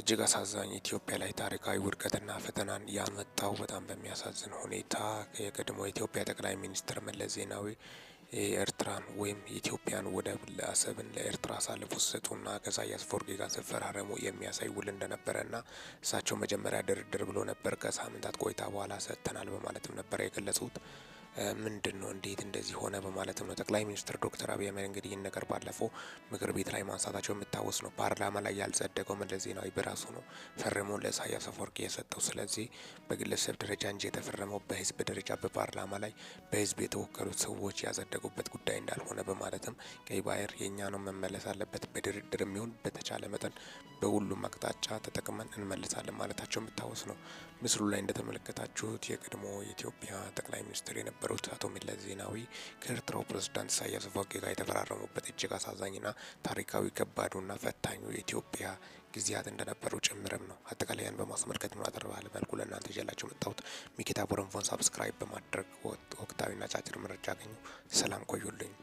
እጅግ አሳዛኝ ኢትዮጵያ ላይ ታሪካዊ ውድቀትና ፈተናን ያመጣው በጣም በሚያሳዝን ሁኔታ የቀድሞ የኢትዮጵያ ጠቅላይ ሚኒስትር መለስ ዜናዊ ኤርትራን ወይም ኢትዮጵያን ወደብ ለአሰብን ለኤርትራ አሳልፎ ሲሰጡና ከኢሳያስ አፈወርቂ ጋር ሲፈራረሙ የሚያሳይ ውል እንደነበረና እሳቸው መጀመሪያ ድርድር ብሎ ነበር፣ ከሳምንታት ቆይታ በኋላ ሰጥተናል በማለትም ነበር የገለጹት። ምንድን ነው እንዴት እንደዚህ ሆነ በማለትም ነው ጠቅላይ ሚኒስትር ዶክተር አብይ አህመድ እንግዲህ ይህን ነገር ባለፈው ምክር ቤት ላይ ማንሳታቸው የምታወስ ነው። ፓርላማ ላይ ያልጸደቀው መለስ ዜናዊ በራሱ ነው ፈርሞ ለኢሳያስ አፈወርቂ የሰጠው። ስለዚህ በግለሰብ ደረጃ እንጂ የተፈረመው በህዝብ ደረጃ በፓርላማ ላይ በህዝብ የተወከሉት ሰዎች ያጸደቁበት ጉዳይ እንዳለ ማለትም ቀይ ባህር የእኛ ነው መመለስ አለበት፣ በድርድር የሚሆን በተቻለ መጠን በሁሉም አቅጣጫ ተጠቅመን እንመልሳለን ማለታቸው የምታወስ ነው። ምስሉ ላይ እንደተመለከታችሁት የቀድሞ የኢትዮጵያ ጠቅላይ ሚኒስትር የነበሩት አቶ መለስ ዜናዊ ከኤርትራው ፕሬዝዳንት ኢሳያስ አፈወርቂ ጋር የተፈራረሙበት እጅግ አሳዛኝና ታሪካዊ ከባዱና ፈታኙ የኢትዮጵያ ጊዜያት እንደነበሩ ጭምርም ነው። አጠቃላያን በማስመልከት ነው አጠር መልኩ ለእናንተ ይዤላችሁ መጣሁት። ሚኬታ ቦረንፎን ሳብስክራይብ በማድረግ ወቅታዊና ጫጭር መረጃ አገኙ። ሰላም ቆዩልኝ።